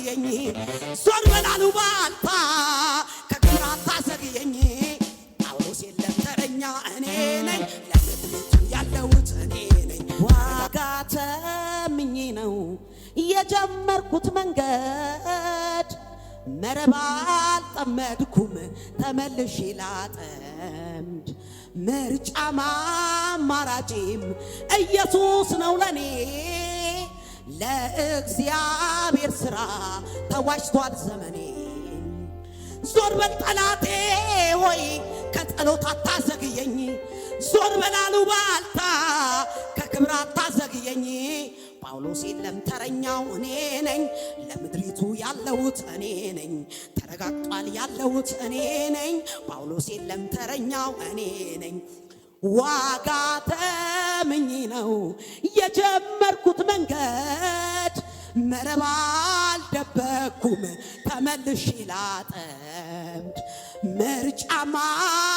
አታዘግየኝ፣ ዞር በላሉ ባልታ ከክብር አታዘግየኝ። ጳውሎስ የለም ተረኛ እኔ ነኝ፣ ለምትምቱ ያለሁት እኔ ነኝ። ዋጋ ተምኜ ነው የጀመርኩት መንገድ መረባ አልጠመድኩም ተመልሼ ላጠምድ ምርጫ ማማራጭም ኢየሱስ ነው ለኔ ለእግዚአብሔር ሥራ ተዋጅቷል ዘመኔ። ዞር በል ጠላቴ ሆይ ከጸሎት አታዘግየኝ። ዞር በል አሉባልታ ከክብር አታዘግየኝ። ጳውሎስ የለም ተረኛው እኔ ነኝ፣ ለምድሪቱ ያለሁት እኔ ነኝ፣ ተረጋግጧል ያለሁት እኔ ነኝ። ጳውሎስ የለም ተረኛው እኔ ነኝ። ዋጋ ተምኝ ነው የጀመርኩት መንገድ መረብ አልደበኩም ተመልሼ ላጠምድ ምርጫማ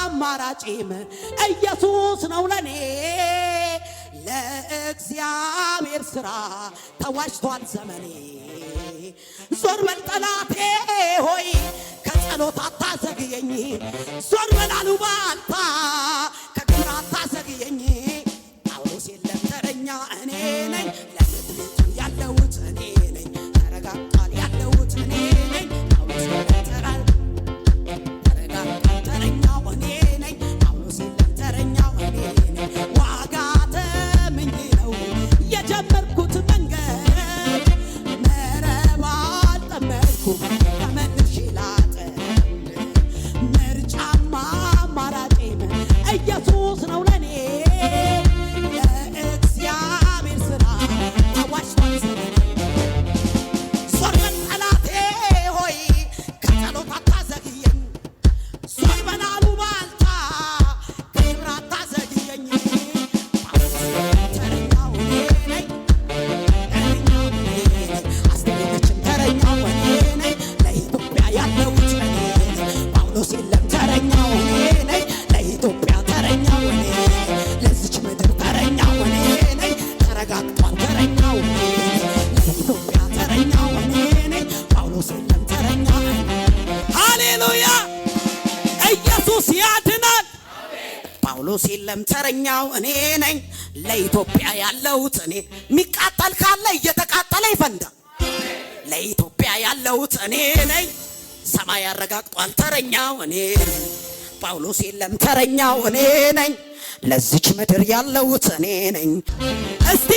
አማራጬም ኢየሱስ ነው ለኔ ለእግዚአብሔር ሥራ ተዋጅቷል ዘመኔ። ዞር በል ጠላቴ ሆይ ከጸሎት አታዘግየኝ ዞር በል አሉባልታ ጳውሎስ የለም ተረኛው እኔ ነኝ፣ ለኢትዮጵያ ያለሁት እኔ። የሚቃጠል ካለ እየተቃጠለ ይፈንዳ። ለኢትዮጵያ ያለሁት እኔ ነኝ፣ ሰማይ ያረጋግጧል። ተረኛው እኔ ነኝ። ጳውሎስ የለም ተረኛው እኔ ነኝ፣ ለዚች ምድር ያለሁት እኔ ነኝ። እስቲ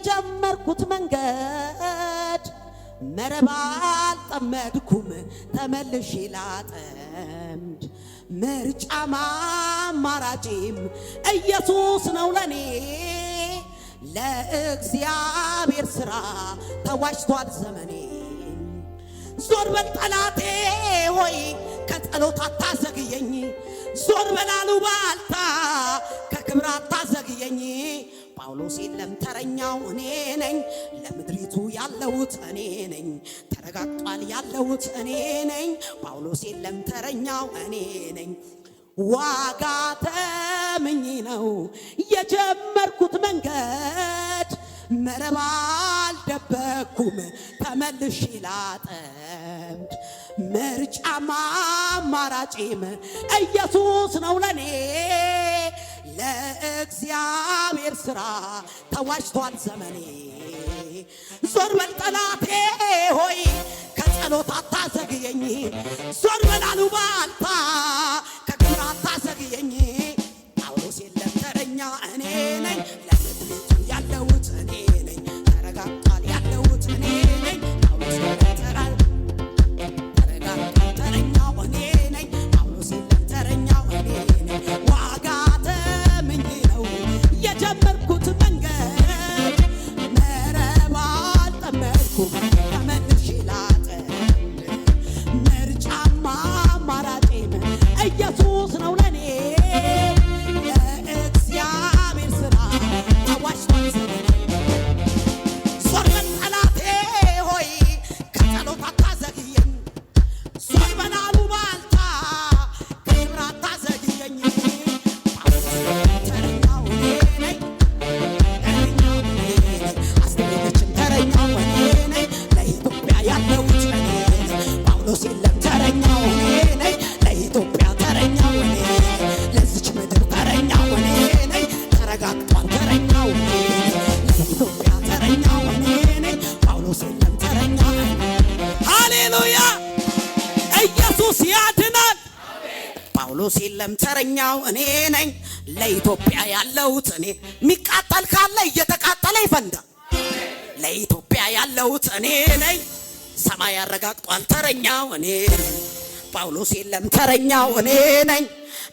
የጀመርኩት መንገድ መረብ አልጠመድኩም ተመልሼ ላጠምድ ምርጫም አማራጭም ኢየሱስ ነው ለኔ ለእግዚአብሔር ሥራ ተዋጅቷል ዘመኔ። ዞር በል ጠላቴ ሆይ ከጸሎት አታዘግየኝ፣ ዞር በል አሉባልታ ከክብር አታዘግየኝ። ጳውሎስ የለም ተረኛው እኔ ነኝ፣ ለምድሪቱ ያለሁት እኔ ነኝ፣ ተረጋግጧል ያለሁት እኔ ነኝ። ጳውሎስ የለም ተረኛው እኔ ነኝ። ዋጋ ተምኝ ነው የጀመርኩት መንገድ መረብ አልደበኩም ተመልሼ ላጠምድ ምርጫማ አማራጬም ኢየሱስ ነው ለኔ ለእግዚአብሔር ስራ ተዋጅቷል ዘመኔ። ዞር በል ጠላቴ ሆይ ከጸሎት አታዘግየኝ። ዞር የበርካታ ተረኛው የኢትዮጵያ ተረኛው እኔ ጳውሎስ የለም ያድናል። ጳውሎስ የለም ተረኛው እኔ ነኝ። ለኢትዮጵያ ያለሁት እኔ። የሚቃጠል ካለ እየተቃጠለ ይፈንዳ። ለኢትዮጵያ ያለሁት እኔ ነኝ። ሰማይ ያረጋግጧል ተረኛው እኔ ጳውሎስ የለም ተረኛው እኔ ነኝ።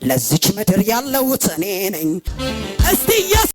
ለዚች ምድር ያለሁት እኔ ነኝ። እስቲ